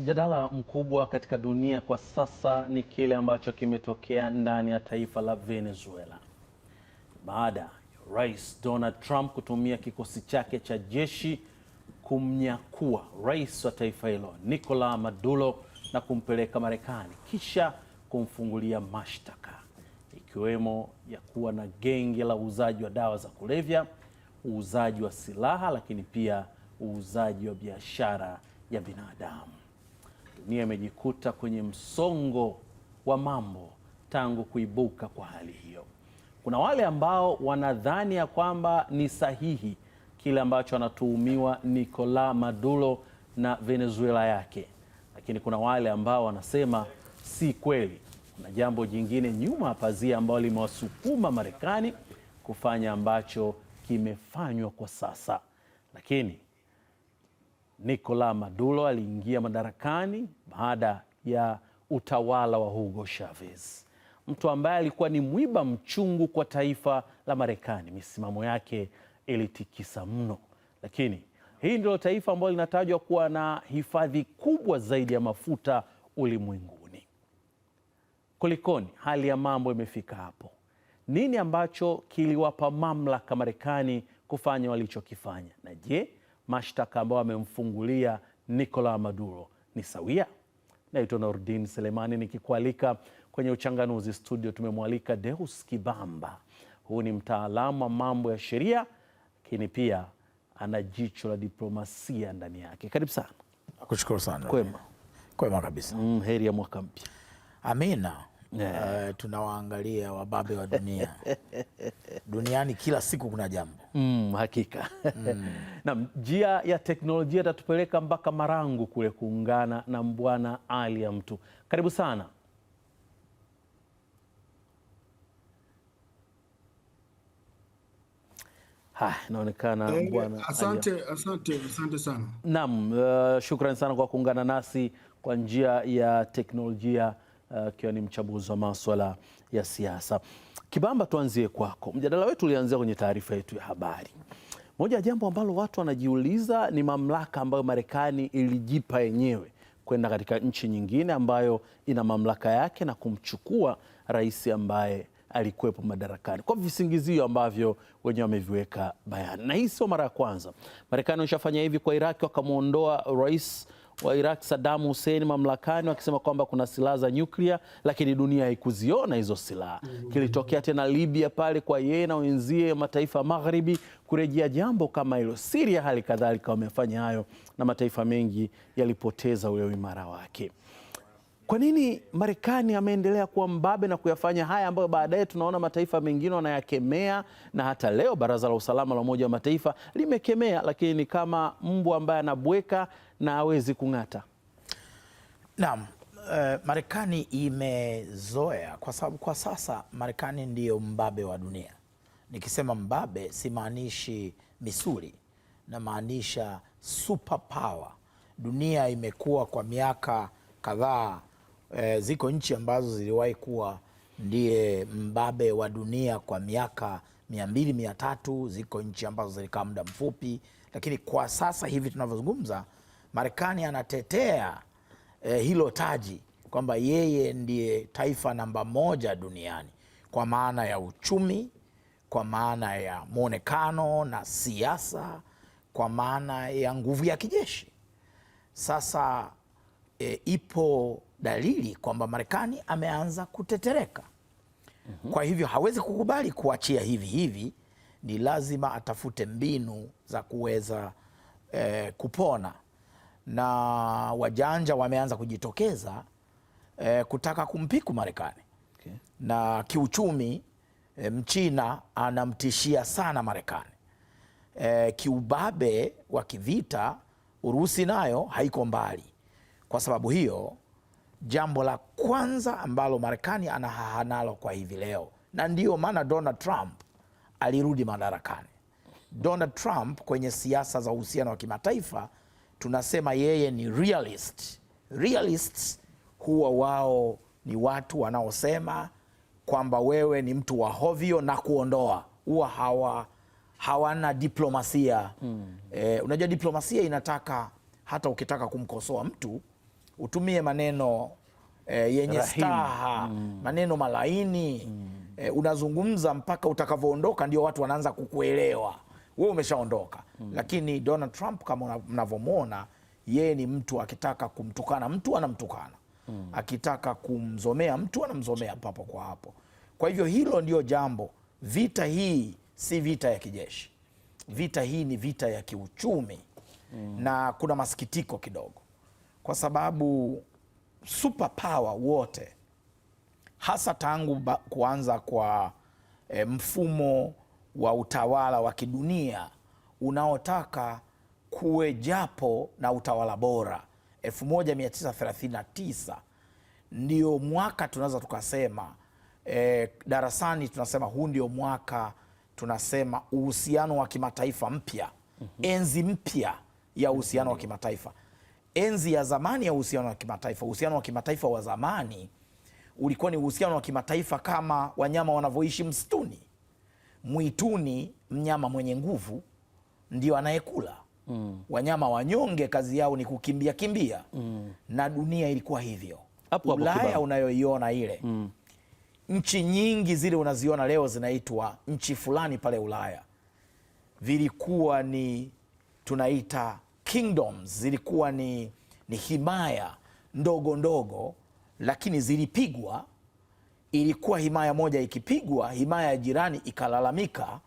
Mjadala mkubwa katika dunia kwa sasa ni kile ambacho kimetokea ndani ya taifa la Venezuela baada ya Rais Donald Trump kutumia kikosi chake cha jeshi kumnyakua rais wa taifa hilo Nicolas Maduro na kumpeleka Marekani kisha kumfungulia mashtaka ikiwemo ya kuwa na genge la uuzaji wa dawa za kulevya, uuzaji wa silaha, lakini pia uuzaji wa biashara ya binadamu. Dunia imejikuta kwenye msongo wa mambo tangu kuibuka kwa hali hiyo. Kuna wale ambao wanadhani ya kwamba ni sahihi kile ambacho anatuhumiwa Nicolas Maduro na Venezuela yake, lakini kuna wale ambao wanasema si kweli, kuna jambo jingine nyuma ya pazia ambayo limewasukuma Marekani kufanya ambacho kimefanywa kwa sasa, lakini Nicolas Maduro aliingia madarakani baada ya utawala wa Hugo Chavez, mtu ambaye alikuwa ni mwiba mchungu kwa taifa la Marekani. Misimamo yake ilitikisa mno, lakini hii ndilo taifa ambalo linatajwa kuwa na hifadhi kubwa zaidi ya mafuta ulimwenguni. Kulikoni hali ya mambo imefika hapo? Nini ambacho kiliwapa mamlaka Marekani kufanya walichokifanya? Na je, mashtaka ambayo amemfungulia Nicolas Maduro ni sawia? Naitwa Nordin Selemani nikikualika kwenye Uchanganuzi. Studio tumemwalika Deus Kibamba, huu ni mtaalamu wa mambo ya sheria, lakini pia ana jicho la diplomasia ndani yake. Karibu sana. Kushukuru sana. Kwema. Kwema kabisa. Mm, heri ya mwaka mpya. Amina yeah. Uh, eh, tunawaangalia wababe wa dunia duniani, kila siku kuna jambo mm, hakika mm. na njia ya teknolojia itatupeleka mpaka Marangu kule kuungana na Mbwana Ali ya mtu. Karibu sana Inaonekana eh, bwana. Asante, asante, asante sana. Naam, uh, shukrani sana kwa kuungana nasi kwa njia ya teknolojia Eh, akiwa uh, ni mchambuzi wa maswala ya siasa. Kibamba, tuanzie kwako. Mjadala wetu ulianzia kwenye taarifa yetu ya habari. Moja ya jambo ambalo watu wanajiuliza ni mamlaka ambayo Marekani ilijipa yenyewe kwenda katika nchi nyingine ambayo ina mamlaka yake na kumchukua rais ambaye alikuwepo madarakani kwa visingizio ambavyo wenyewe wameviweka bayani, na hii sio mara ya kwanza. Marekani wameshafanya hivi kwa Iraki, wakamwondoa rais wa Iraq Saddam Hussein mamlakani wakisema kwamba kuna silaha za nyuklia, lakini dunia haikuziona hizo silaha. Mhm. Kilitokea tena Libya pale kwa yeye na wenzie mataifa magharibi kurejea jambo kama hilo. Siria hali kadhalika wamefanya hayo, na mataifa mengi yalipoteza ule uimara wake. Kwa nini Marekani ameendelea kuwa mbabe na kuyafanya haya ambayo baadaye tunaona mataifa mengine wanayakemea, na hata leo Baraza la Usalama la Umoja wa Mataifa limekemea, lakini ni kama mbwa ambaye anabweka na hawezi kung'ata? Naam. Uh, Marekani imezoea kwa sababu kwa sasa Marekani ndiyo mbabe wa dunia. Nikisema mbabe simaanishi misuli, namaanisha superpower. Dunia imekuwa kwa miaka kadhaa e, ziko nchi ambazo ziliwahi kuwa ndiye mbabe wa dunia kwa miaka mia mbili mia tatu. Ziko nchi ambazo zilikaa muda mfupi, lakini kwa sasa hivi tunavyozungumza, Marekani anatetea e, hilo taji kwamba yeye ndiye taifa namba moja duniani kwa maana ya uchumi, kwa maana ya mwonekano na siasa, kwa maana ya nguvu ya kijeshi. Sasa e, ipo dalili kwamba Marekani ameanza kutetereka. Mhm. Kwa hivyo hawezi kukubali kuachia hivi hivi, ni lazima atafute mbinu za kuweza eh, kupona, na wajanja wameanza kujitokeza eh, kutaka kumpiku Marekani. okay. Na kiuchumi eh, Mchina anamtishia sana Marekani eh, kiubabe wa kivita Urusi nayo haiko mbali. Kwa sababu hiyo jambo la kwanza ambalo Marekani haha nalo kwa hivi leo, na ndiyo maana Donald Trump alirudi madarakani. Donald Trump kwenye siasa za uhusiano wa kimataifa tunasema yeye ni realist. Realist huwa wao ni watu wanaosema kwamba wewe ni mtu wa hovyo na kuondoa, huwa hawa hawana diplomasia hmm. Eh, unajua diplomasia inataka hata ukitaka kumkosoa mtu utumie maneno e, yenye Rahim. staha mm. maneno malaini mm. e, unazungumza mpaka utakavyoondoka, ndio watu wanaanza kukuelewa wewe umeshaondoka. mm. Lakini Donald Trump kama mnavyomwona, yeye ni mtu akitaka kumtukana mtu anamtukana mm. akitaka kumzomea mtu anamzomea papo kwa hapo. Kwa hivyo hilo ndio jambo. Vita hii si vita ya kijeshi, vita hii ni vita ya kiuchumi mm. na kuna masikitiko kidogo kwa sababu superpower wote hasa tangu kuanza kwa e, mfumo wa utawala wa kidunia unaotaka kuwe japo na utawala bora 1939 ndio mwaka tunaweza tukasema e, darasani tunasema huu ndio mwaka tunasema uhusiano wa kimataifa mpya, mm -hmm. enzi mpya ya uhusiano wa kimataifa enzi ya zamani ya uhusiano wa kimataifa, uhusiano wa kimataifa wa zamani ulikuwa ni uhusiano wa kimataifa kama wanyama wanavyoishi msituni. Mwituni mnyama mwenye nguvu ndio anayekula mm. Wanyama wanyonge kazi yao ni kukimbia kimbia mm. Na dunia ilikuwa hivyo. Apu, Ulaya unayoiona ile mm. Nchi nyingi zile unaziona leo zinaitwa nchi fulani pale Ulaya vilikuwa ni tunaita kingdoms zilikuwa ni, ni himaya ndogo ndogo, lakini zilipigwa. Ilikuwa himaya moja ikipigwa, himaya ya jirani ikalalamika,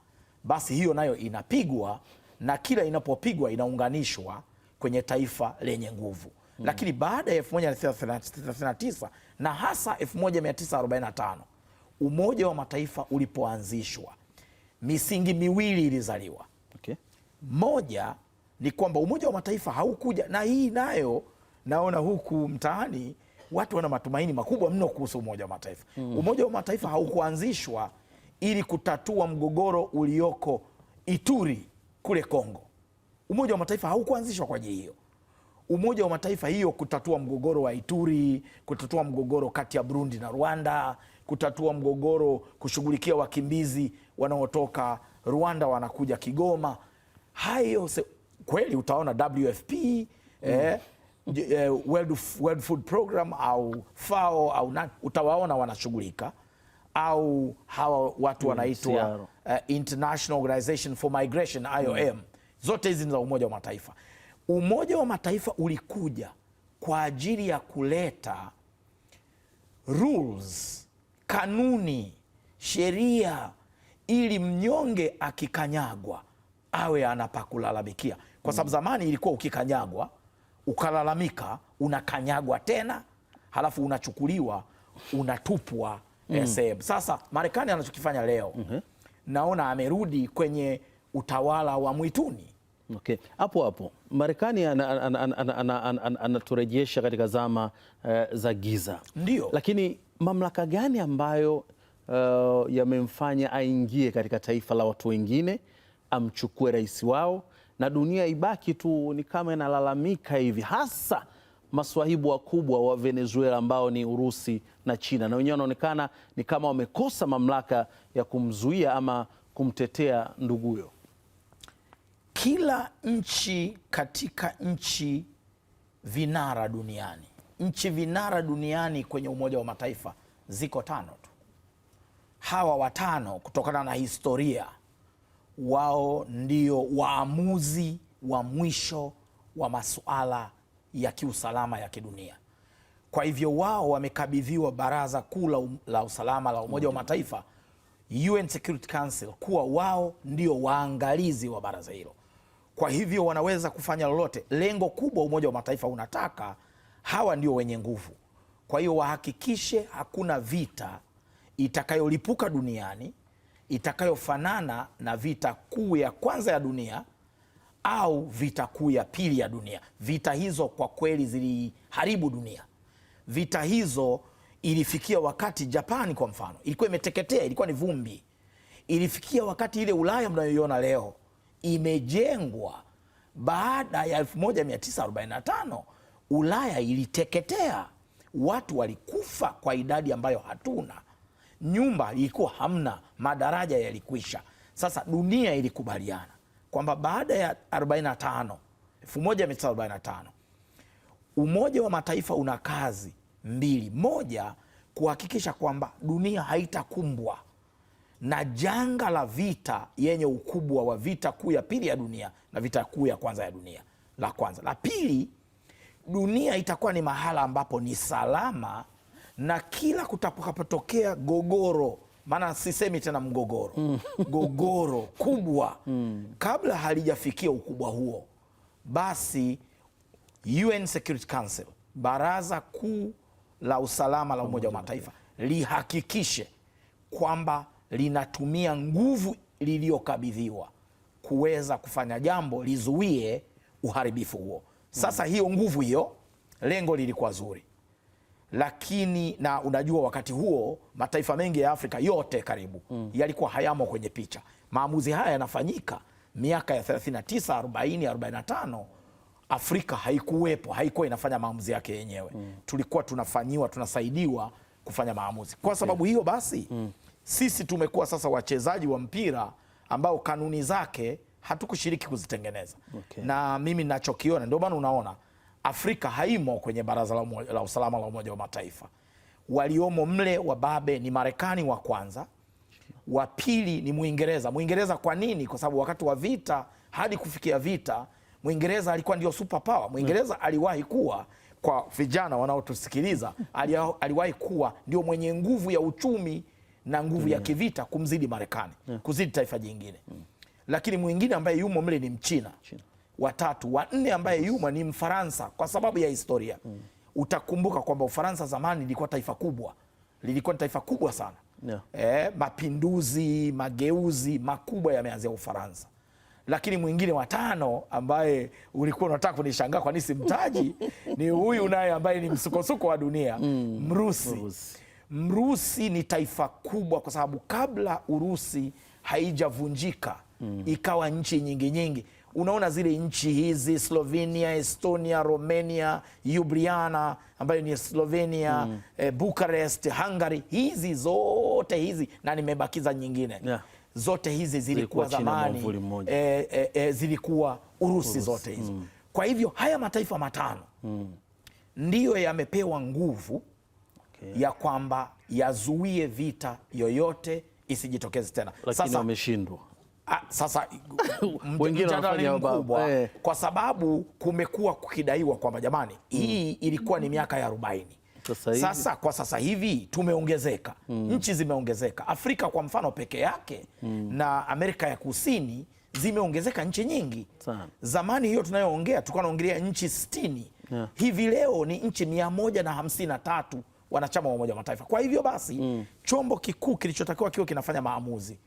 basi hiyo nayo inapigwa, na kila inapopigwa inaunganishwa kwenye taifa lenye nguvu hmm. Lakini baada ya 1939 na hasa 1945 Umoja wa Mataifa ulipoanzishwa, misingi miwili ilizaliwa okay. Moja ni kwamba Umoja wa Mataifa haukuja na hii nayo naona huku mtaani watu wana matumaini makubwa mno kuhusu Umoja wa Mataifa. Mm. Umoja wa Mataifa haukuanzishwa ili kutatua mgogoro ulioko Ituri kule Kongo. Umoja wa Mataifa haukuanzishwa kwa ajili hiyo. Umoja wa Mataifa hiyo kutatua mgogoro wa Ituri, kutatua mgogoro kati ya Burundi na Rwanda, kutatua mgogoro, kushughulikia wakimbizi wanaotoka Rwanda wanakuja Kigoma. Hayo kweli utaona WFP eh, mm. eh, World, World Food Program au FAO au na, utawaona wanashughulika au hawa watu mm, wanaitwa uh, International Organization for Migration IOM. Mm. Zote hizi ni za Umoja wa Mataifa. Umoja wa Mataifa ulikuja kwa ajili ya kuleta rules, kanuni, sheria ili mnyonge akikanyagwa awe anapakulalamikia kwa sababu mm. zamani ilikuwa ukikanyagwa ukalalamika, unakanyagwa tena, halafu unachukuliwa unatupwa mm. sehemu. Sasa Marekani anachokifanya leo mm -hmm. naona amerudi kwenye utawala wa mwituni Okay. Hapo hapo Marekani anaturejesha ana, ana, ana, ana, ana, ana katika zama uh, za giza. Ndio. Lakini mamlaka gani ambayo uh, yamemfanya aingie katika taifa la watu wengine amchukue rais wao na dunia ibaki tu ni kama inalalamika hivi, hasa maswahibu wakubwa wa Venezuela ambao ni Urusi na China, na wenyewe wanaonekana ni kama wamekosa mamlaka ya kumzuia ama kumtetea nduguyo. Kila nchi katika nchi vinara duniani, nchi vinara duniani kwenye Umoja wa Mataifa ziko tano tu. Hawa watano kutokana na historia wao ndio waamuzi wa mwisho wa masuala ya kiusalama ya kidunia. Kwa hivyo wao wamekabidhiwa Baraza Kuu la, um, la Usalama la Umoja wa Mataifa, UN Security Council, kuwa wao ndio waangalizi wa baraza hilo. Kwa hivyo wanaweza kufanya lolote. Lengo kubwa Umoja wa Mataifa unataka hawa ndio wenye nguvu, kwa hiyo wahakikishe hakuna vita itakayolipuka duniani itakayofanana na vita kuu ya kwanza ya dunia au vita kuu ya pili ya dunia. Vita hizo kwa kweli ziliharibu dunia. Vita hizo ilifikia wakati Japani kwa mfano ilikuwa imeteketea, ilikuwa ni vumbi. Ilifikia wakati ile Ulaya mnayoiona leo imejengwa baada ya 1945 Ulaya iliteketea, watu walikufa kwa idadi ambayo hatuna nyumba ilikuwa hamna, madaraja yalikwisha. Sasa dunia ilikubaliana kwamba baada ya 45 1945 Umoja wa Mataifa una kazi mbili. Moja, kuhakikisha kwamba dunia haitakumbwa na janga la vita yenye ukubwa wa vita kuu ya pili ya dunia na vita kuu ya kwanza ya dunia. La kwanza. La pili, dunia itakuwa ni mahala ambapo ni salama na kila kutakapotokea gogoro maana sisemi tena mgogoro mm. gogoro kubwa mm. kabla halijafikia ukubwa huo, basi UN Security Council, baraza kuu la usalama la Umoja wa Mataifa lihakikishe kwamba linatumia nguvu liliyokabidhiwa kuweza kufanya jambo, lizuie uharibifu huo. Sasa mm. hiyo nguvu hiyo, lengo lilikuwa zuri lakini na unajua wakati huo mataifa mengi ya Afrika yote karibu mm. yalikuwa hayamo kwenye picha. Maamuzi haya yanafanyika miaka ya 39, 40, 45. Afrika haikuwepo, haikuwa inafanya maamuzi yake yenyewe mm. tulikuwa tunafanyiwa, tunasaidiwa kufanya maamuzi. Kwa sababu hiyo basi mm. sisi tumekuwa sasa wachezaji wa mpira ambao kanuni zake hatukushiriki kuzitengeneza okay. na mimi nachokiona ndio maana unaona Afrika haimo kwenye baraza la, la usalama la Umoja wa Mataifa. Waliomo mle wababe ni Marekani wa kwanza, wa pili ni Mwingereza. Mwingereza kwa nini? Kwa sababu wakati wa vita hadi kufikia vita Mwingereza alikuwa ndio super power. Mwingereza aliwahi kuwa kwa vijana wanaotusikiliza, aliwahi kuwa ndio mwenye nguvu ya uchumi na nguvu ya mm. kivita kumzidi Marekani, kuzidi taifa jingine. Lakini mwingine ambaye yumo mle ni Mchina watatu wanne ambaye Yuma ni Mfaransa kwa sababu ya historia mm. Utakumbuka kwamba Ufaransa zamani ilikuwa taifa kubwa, lilikuwa ni taifa kubwa sana yeah. E, mapinduzi mageuzi makubwa yameanzia Ufaransa, lakini mwingine watano ambaye ulikuwa unataka kunishangaa kwa nini simtaji ni huyu naye ambaye ni msukosuko wa dunia mm. Mrusi. Mrusi, Mrusi ni taifa kubwa kwa sababu kabla Urusi haijavunjika mm. ikawa nchi nyingi nyingi unaona zile nchi hizi Slovenia, Estonia, Romania, Ljubljana ambayo ni Slovenia mm. eh, Bucharest, Hungary, hizi zote hizi na nimebakiza nyingine yeah. Zote hizi zilikuwa, zilikuwa zamani eh, eh, eh, zilikuwa Urusi, Urusi zote hizo mm. Kwa hivyo haya mataifa matano mm. ndiyo yamepewa nguvu okay. ya kwamba yazuie vita yoyote isijitokeze tena. Lakini wameshindwa A, ah, sasa wengine wanafanya mkubwa eh, kwa sababu kumekuwa kukidaiwa kwamba jamani, mm. hii mm, ilikuwa ni miaka ya arobaini. Sasa, sasa kwa sasa hivi tumeongezeka mm, nchi zimeongezeka Afrika kwa mfano peke yake mm, na Amerika ya Kusini zimeongezeka nchi nyingi Sana. Zamani hiyo tunayoongea tulikuwa tunaongelea nchi sitini yeah. Hivi leo ni nchi mia moja na hamsini na tatu wanachama wa Umoja wa Mataifa. Kwa hivyo basi mm, chombo kikuu kilichotakiwa kiwe kinafanya maamuzi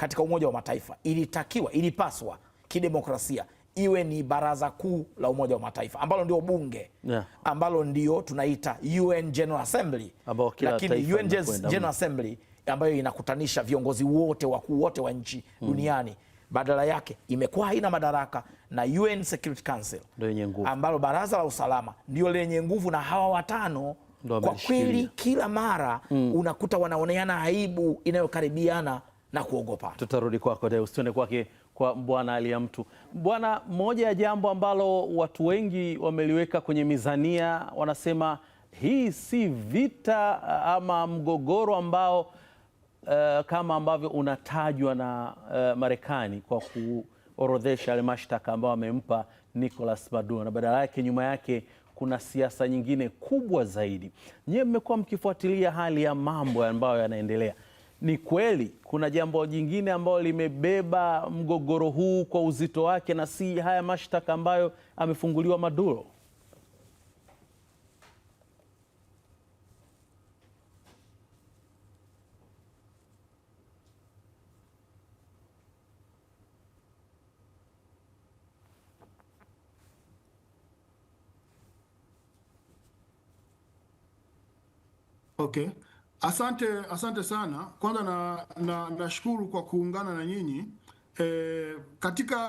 katika Umoja wa Mataifa ilitakiwa, ilipaswa kidemokrasia iwe ni baraza kuu la Umoja wa Mataifa ambalo ndio bunge yeah, ambalo ndio tunaita UN General Assembly, lakini UN General Assembly ambayo inakutanisha viongozi wote wakuu wote wa nchi mm. duniani Badala yake imekuwa haina madaraka na UN Security Council ambalo baraza la usalama ndio lenye nguvu, na hawa watano kwa kweli kila mara mm. unakuta wanaoneana aibu inayokaribiana na kuogopa. Tutarudi kwako Deus, tuende kwake kwa Mbwana Alia Mtu. Bwana, moja ya jambo ambalo watu wengi wameliweka kwenye mizania, wanasema hii si vita uh, ama mgogoro ambao uh, kama ambavyo unatajwa na uh, Marekani kwa kuorodhesha yale mashtaka ambayo amempa Nicolas Maduro, na badala yake nyuma yake kuna siasa nyingine kubwa zaidi. Nyewe mmekuwa mkifuatilia hali ya mambo ambayo yanaendelea ni kweli kuna jambo jingine ambalo limebeba mgogoro huu kwa uzito wake, na si haya mashtaka ambayo amefunguliwa Maduro. Okay. Asante, asante sana. Kwanza nashukuru na, na kwa kuungana na nyinyi E, katika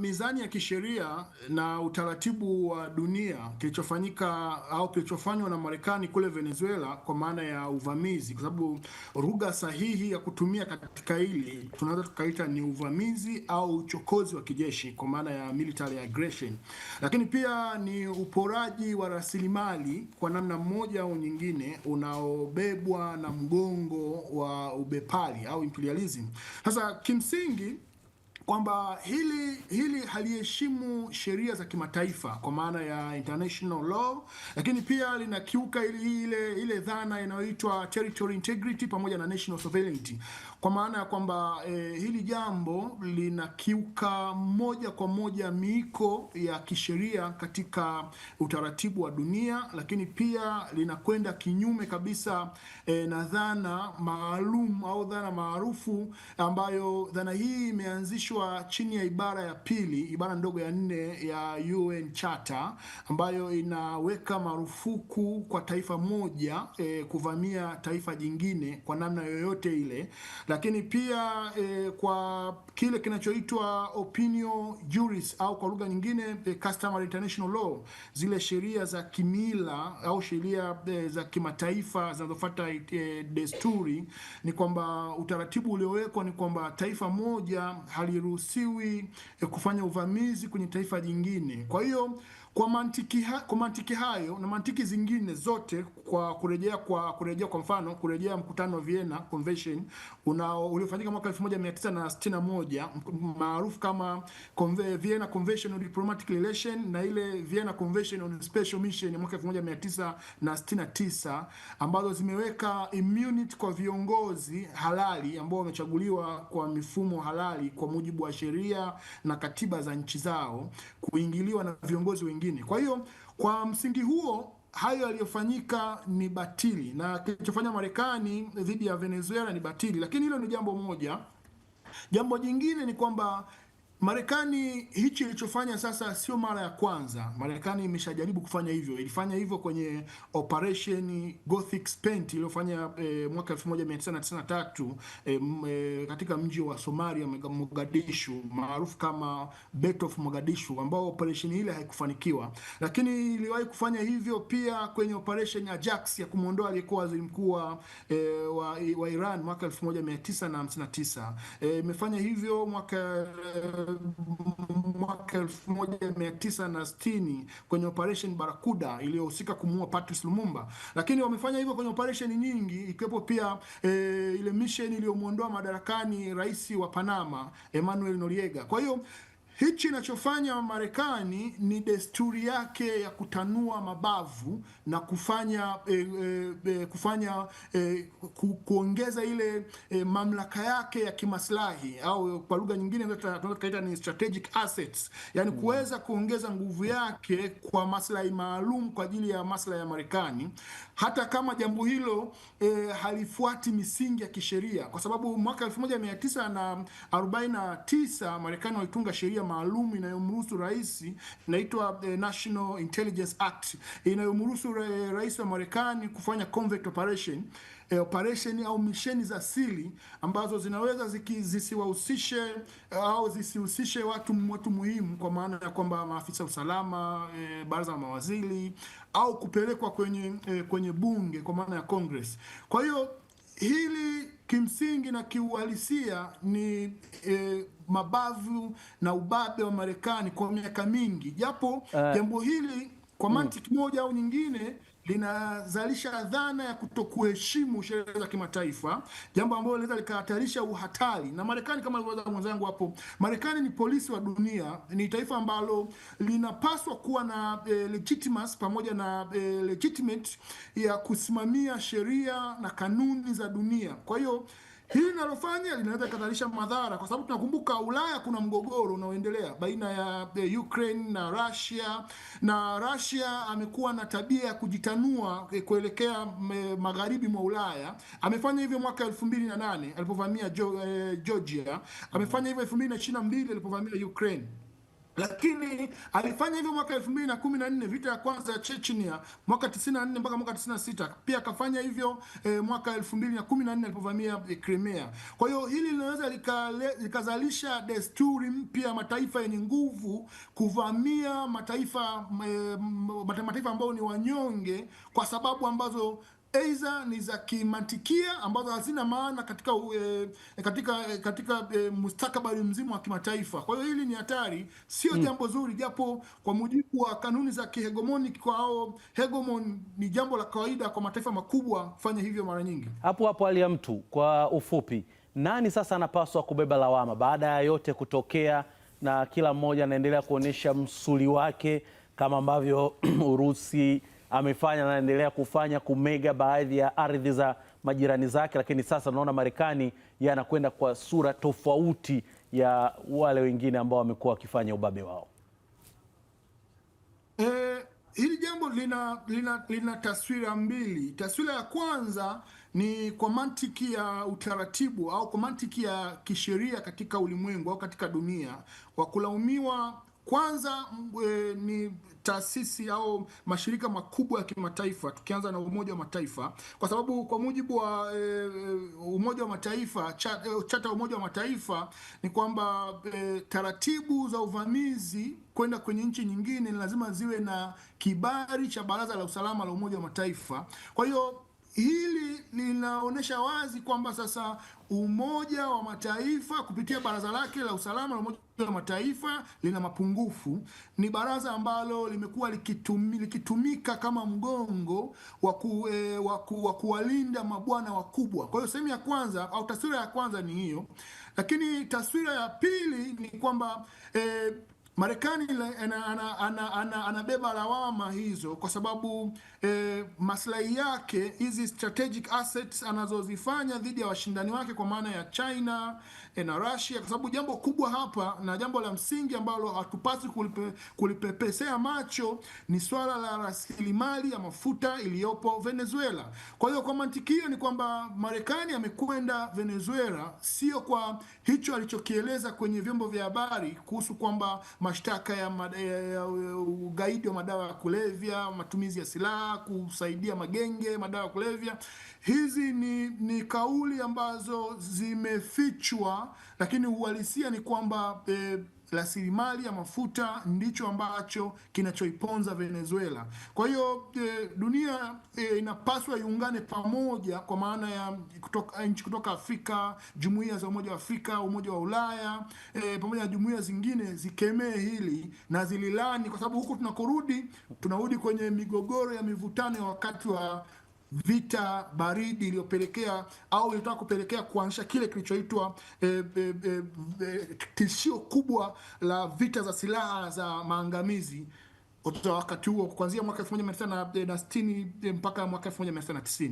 mizani ya kisheria na utaratibu wa dunia kilichofanyika au kilichofanywa na Marekani kule Venezuela kwa maana ya uvamizi, kwa sababu lugha sahihi ya kutumia katika hili tunaweza tukaita ni uvamizi au uchokozi wa kijeshi kwa maana ya military aggression, lakini pia ni uporaji wa rasilimali kwa namna moja au nyingine unaobebwa na mgongo wa ubepari au imperialism. Sasa kimsingi kwamba hili hili haliheshimu sheria za kimataifa kwa maana ya international law, lakini pia linakiuka ile ile dhana inayoitwa territory integrity pamoja na national sovereignty kwa maana ya kwamba eh, hili jambo linakiuka moja kwa moja miiko ya kisheria katika utaratibu wa dunia, lakini pia linakwenda kinyume kabisa eh, na dhana maalum au dhana maarufu ambayo dhana hii imeanzishwa chini ya ibara ya pili, ibara ndogo ya nne ya UN Charter ambayo inaweka marufuku kwa taifa moja eh, kuvamia taifa jingine kwa namna yoyote ile lakini pia e, kwa kile kinachoitwa opinio juris au kwa lugha nyingine e, eh, customary international law, zile sheria za kimila au sheria e, za kimataifa zinazofuata e, desturi, ni kwamba utaratibu uliowekwa ni kwamba taifa moja haliruhusiwi e, kufanya uvamizi kwenye taifa jingine. Kwa hiyo kwa mantiki, ha, kwa mantiki hayo na mantiki zingine zote kwa kurejea kwa kurejea kwa mfano kurejea mkutano wa Vienna Convention unao uliofanyika mwaka 1961 maarufu kama Conve, Vienna Convention on Diplomatic Relation na ile Vienna Convention on Special Mission ya mwaka 1969 ambazo zimeweka immunity kwa viongozi halali ambao wamechaguliwa kwa mifumo halali kwa mujibu wa sheria na katiba za nchi zao kuingiliwa na viongozi wengine mwingine. Kwa hiyo kwa msingi huo hayo yaliyofanyika ni batili na kilichofanya Marekani dhidi ya Venezuela ni batili, lakini hilo ni jambo moja. Jambo jingine ni kwamba Marekani hichi ilichofanya sasa sio mara ya kwanza. Marekani imeshajaribu kufanya hivyo, ilifanya hivyo kwenye Operation Gothic Spent iliyofanya e, mwaka 1993 e, e, katika mji wa Somalia Mogadishu, maarufu kama Battle of Mogadishu, ambao operation ile haikufanikiwa, lakini iliwahi kufanya hivyo pia kwenye Operation Ajax ya kumwondoa aliyekuwa waziri mkuu e, wa, wa Iran mwaka 1959 eh, imefanya e, hivyo mwaka e, mwaka 1960 kwenye operation Barakuda iliyohusika kumuua Patrice Lumumba, lakini wamefanya hivyo kwenye operation nyingi ikiwepo pia e, ile mission iliyomwondoa madarakani rais wa Panama Emmanuel Noriega. Kwa hiyo Hichi inachofanya Marekani ni desturi yake ya kutanua mabavu na kufanya eh, eh, eh, kufanya eh, ku, kuongeza ile eh, mamlaka yake ya kimaslahi au kwa lugha nyingine tunaweza ni strategic assets, yani mm. kuweza kuongeza nguvu yake kwa maslahi maalum kwa ajili ya maslahi ya Marekani hata kama jambo hilo e, halifuati misingi ya kisheria, kwa sababu mwaka 1949 Marekani walitunga sheria maalum inayomruhusu rais, inaitwa e, National Intelligence Act, inayomruhusu ra, eh, rais wa Marekani kufanya covert operation E, operation au misheni za siri ambazo zinaweza zisiwahusishe au zisihusishe watu watu muhimu, kwa maana ya kwamba maafisa usalama e, baraza la mawaziri au kupelekwa kwenye, eh, kwenye bunge kwa maana ya Congress. Kwa hiyo hili kimsingi na kiuhalisia ni eh, mabavu na ubabe wa Marekani kwa miaka mingi, japo uh, jambo hili kwa mm. mantiki moja au nyingine linazalisha dhana ya kutokuheshimu sheria za kimataifa, jambo ambalo linaweza likahatarisha uhatari. Na Marekani kama alivyoeleza mwenzangu hapo, Marekani ni polisi wa dunia, ni taifa ambalo linapaswa kuwa na e, legitimacy pamoja na e, legitimate ya kusimamia sheria na kanuni za dunia. Kwa hiyo Hili linalofanya linaweza kadhalisha madhara, kwa sababu tunakumbuka Ulaya kuna mgogoro unaoendelea baina ya ukrain eh, Ukraine na Russia, na Russia amekuwa na tabia ya kujitanua eh, kuelekea magharibi mwa Ulaya. Amefanya hivyo mwaka 2008 alipovamia eh, Georgia, amefanya hivyo 2022 alipovamia Ukraine lakini alifanya hivyo mwaka elfu mbili na kumi na nne vita ya kwanza ya Chechnia mwaka tisini na nne mpaka mwaka tisini na sita Pia akafanya hivyo e, mwaka elfu mbili na kumi na nne alipovamia e, Crimea. Kwa hiyo hili linaweza likazalisha desturi mpya mataifa yenye nguvu kuvamia mataifa e, mataifa ambayo ni wanyonge kwa sababu ambazo aidha ni za kimantikia ambazo hazina maana katika e, katika eh, katika e, mustakabali mzima wa kimataifa. Kwa hiyo hili ni hatari, sio mm. jambo zuri, japo kwa mujibu wa kanuni za kihegemoni kwa hao hegemon ni jambo la kawaida kwa mataifa makubwa kufanya hivyo mara nyingi. Hapo hapo hali ya mtu, kwa ufupi, nani sasa anapaswa kubeba lawama baada ya yote kutokea na kila mmoja anaendelea kuonyesha msuli wake kama ambavyo Urusi amefanya na anaendelea kufanya kumega baadhi ya ardhi za majirani zake, lakini sasa tunaona Marekani yanakwenda kwa sura tofauti ya wale wengine ambao wamekuwa wakifanya ubabe wao. E, hili jambo lina, lina, lina taswira mbili. Taswira ya kwanza ni kwa mantiki ya utaratibu au kwa mantiki ya kisheria katika ulimwengu au katika dunia, kwa kulaumiwa kwanza mbwe, ni taasisi au mashirika makubwa ya kimataifa, tukianza na Umoja wa Mataifa, kwa sababu kwa mujibu wa e, Umoja wa Mataifa cha, e, chata ya Umoja wa Mataifa ni kwamba e, taratibu za uvamizi kwenda kwenye nchi nyingine ni lazima ziwe na kibali cha Baraza la Usalama la Umoja wa Mataifa. Kwa hiyo Hili linaonyesha wazi kwamba sasa Umoja wa Mataifa kupitia baraza lake la usalama la Umoja wa Mataifa lina mapungufu. Ni baraza ambalo limekuwa likitumi, likitumika kama mgongo wa waku, eh, kuwalinda mabwana wakubwa. Kwa hiyo sehemu ya kwanza au taswira ya kwanza ni hiyo, lakini taswira ya pili ni kwamba eh, Marekani anabeba lawama hizo kwa sababu e, maslahi yake hizi strategic assets anazozifanya dhidi ya washindani wake kwa maana ya China e, na Russia, kwa sababu jambo kubwa hapa na jambo la msingi ambalo hatupaswi kulipe, kulipepesea macho ni swala la rasilimali ya mafuta iliyopo Venezuela. Kwa hiyo kwa mantiki hiyo ni kwamba Marekani amekwenda Venezuela sio kwa hicho alichokieleza kwenye vyombo vya habari kuhusu kwamba mashtaka ya, ya, ya, ya ugaidi wa madawa ya kulevya, matumizi ya silaha kusaidia magenge, madawa ya kulevya. Hizi ni, ni kauli ambazo zimefichwa, lakini uhalisia ni kwamba eh, rasilimali ya mafuta ndicho ambacho kinachoiponza Venezuela. Kwa hiyo e, dunia e, inapaswa iungane pamoja, kwa maana ya kutoka, nchi kutoka Afrika, jumuiya za Umoja wa Afrika, Umoja wa Ulaya e, pamoja na jumuiya zingine zikemee hili na zililani, kwa sababu huku tunakorudi tunarudi kwenye migogoro ya mivutano ya wakati wa vita baridi iliyopelekea au ilitaka kupelekea kuanzisha kile kilichoitwa e, e, e, tishio kubwa la vita za silaha za maangamizi kutoka wakati huo kuanzia mwaka 1960 eh, eh, mpaka mwaka 1990.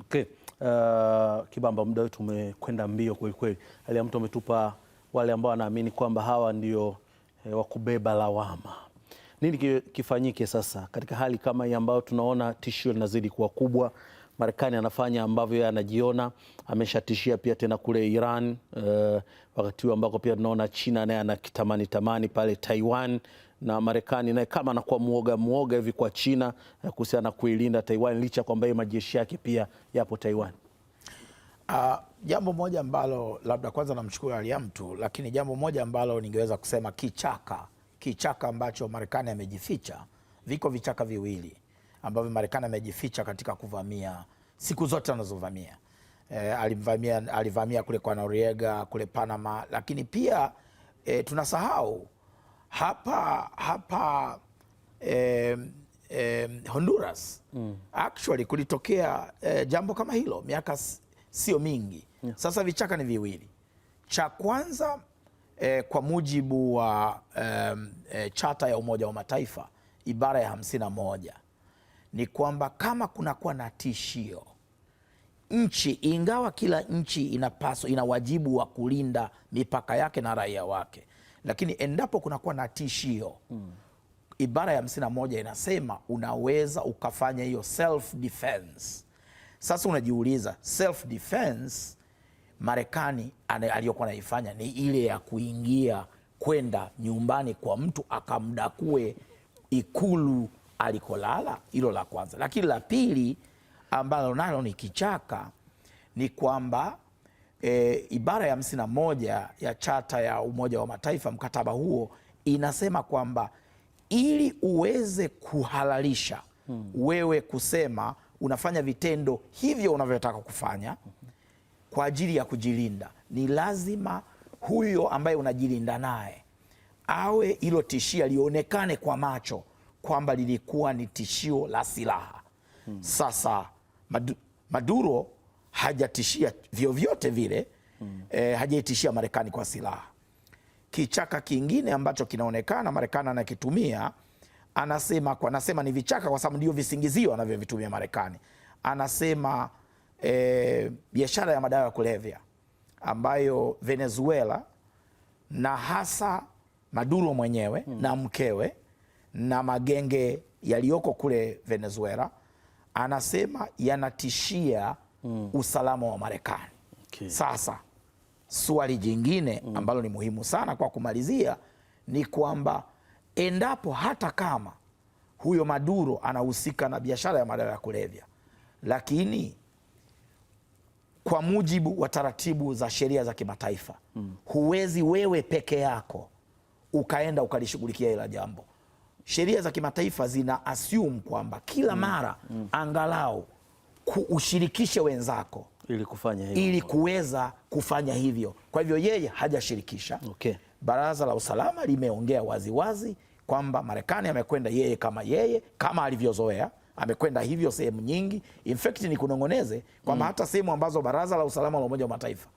Okay. Uh, Kibamba, muda wetu umekwenda mbio kweli kweli. Hali mtu ametupa wale ambao wanaamini kwamba hawa ndio eh, wakubeba lawama nini kifanyike sasa katika hali kama hii ambayo tunaona tishio linazidi kuwa kubwa? Marekani anafanya ambavyo yeye anajiona, ameshatishia pia tena kule Iran uh, wakati huo ambako pia tunaona China naye anakitamani tamani pale Taiwan na Marekani naye kama anakuwa mwoga mwoga hivi kwa China eh, kuhusiana na kuilinda Taiwan licha kwamba yeye majeshi yake pia yapo Taiwan. Uh, jambo moja ambalo labda kwanza namshukuru aliamtu, lakini jambo moja ambalo ningeweza kusema kichaka kichaka ambacho Marekani amejificha. Viko vichaka viwili ambavyo Marekani amejificha katika kuvamia siku zote anazovamia. E, eh, alivamia, alivamia kule kwa Noriega kule Panama, lakini pia e, tunasahau hapa hapa e, e, Honduras mm. Actually kulitokea e, jambo kama hilo miaka sio mingi yeah. Sasa vichaka ni viwili, cha kwanza eh, kwa mujibu wa eh, chata ya Umoja wa Mataifa ibara ya moja ni kwamba kama kunakuwa na tishio nchi, ingawa kila nchi inapaswa ina wajibu wa kulinda mipaka yake na raia wake, lakini endapo kunakuwa na tishio mm. Ibara ya 51 inasema unaweza ukafanya hiyo self defense. Sasa unajiuliza self defense Marekani aliyokuwa anaifanya ni ile ya kuingia kwenda nyumbani kwa mtu akamdakue ikulu alikolala. Hilo la kwanza, lakini la pili ambalo nalo ni kichaka ni kwamba e, ibara ya hamsini na moja ya chata ya Umoja wa Mataifa, mkataba huo inasema kwamba ili uweze kuhalalisha hmm, wewe kusema unafanya vitendo hivyo unavyotaka kufanya kwa ajili ya kujilinda, ni lazima huyo ambaye unajilinda naye awe hilo tishia lionekane kwa macho kwamba lilikuwa ni tishio la silaha. Hmm. Sasa madu, Maduro hajatishia vyovyote vile. Hmm. Eh, hajaitishia Marekani kwa silaha. Kichaka kingine ambacho kinaonekana Marekani anakitumia anasema, anasema ni vichaka kwa sababu ndio visingizio anavyovitumia Marekani. Anasema e, biashara ya madawa ya kulevya ambayo Venezuela na hasa Maduro mwenyewe hmm. na mkewe na magenge yaliyoko kule Venezuela anasema yanatishia hmm. usalama wa Marekani. Okay. Sasa swali jingine hmm. ambalo ni muhimu sana kwa kumalizia ni kwamba endapo hata kama huyo Maduro anahusika na biashara ya madawa ya kulevya, lakini kwa mujibu wa taratibu za sheria za kimataifa mm. Huwezi wewe peke yako ukaenda ukalishughulikia ila jambo. Sheria za kimataifa zina assume kwamba kila mm. mara mm. angalau ushirikishe wenzako ili kufanya hivyo, ili kuweza kufanya hivyo. Kwa hivyo yeye hajashirikisha. Okay. Baraza la usalama limeongea waziwazi kwamba Marekani amekwenda yeye kama yeye kama alivyozoea amekwenda hivyo sehemu nyingi. In fact ni kunong'oneze kwamba mm. hata sehemu ambazo Baraza la Usalama la Umoja wa Mataifa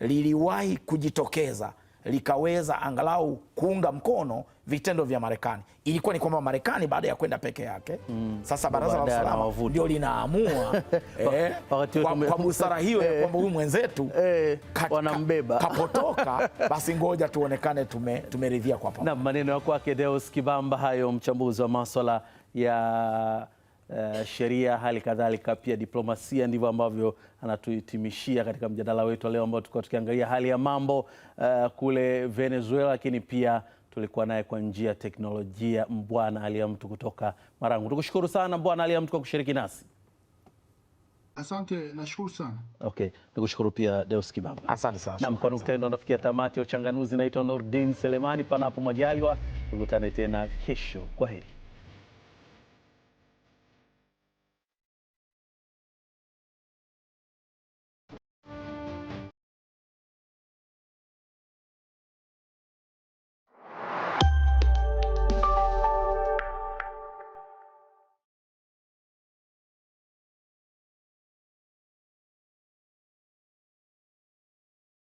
liliwahi kujitokeza likaweza angalau kuunga mkono vitendo vya Marekani, ilikuwa ni kwamba Marekani baada ya kwenda peke yake mm. Sasa baraza la usalama ndio linaamua eh, kwa, kwa busara hiyo ya kwamba huyu mwenzetu eh, wanambeba kapotoka, basi ngoja tuonekane tumeridhia kwa pamoja. Na maneno ya kwake Deus Kibamba hayo, mchambuzi wa maswala ya uh, sheria, hali kadhalika pia diplomasia. Ndivyo ambavyo anatuhitimishia katika mjadala wetu leo ambao tulikuwa tukiangalia hali ya mambo uh, kule Venezuela, lakini pia tulikuwa naye kwa njia teknolojia Mbwana mtu kutoka Marangu. Tukushukuru sana Mbwana Aliamtu kwa kushiriki nasi. Asante, nashukuru sana. Okay, nikushukuru pia Deus Asante sana. kwa nukta nafikia tamati ya uchanganuzi. Naitwa Nordin Selemani, panapo majaliwa tukutane tena kesho. Kwa heri.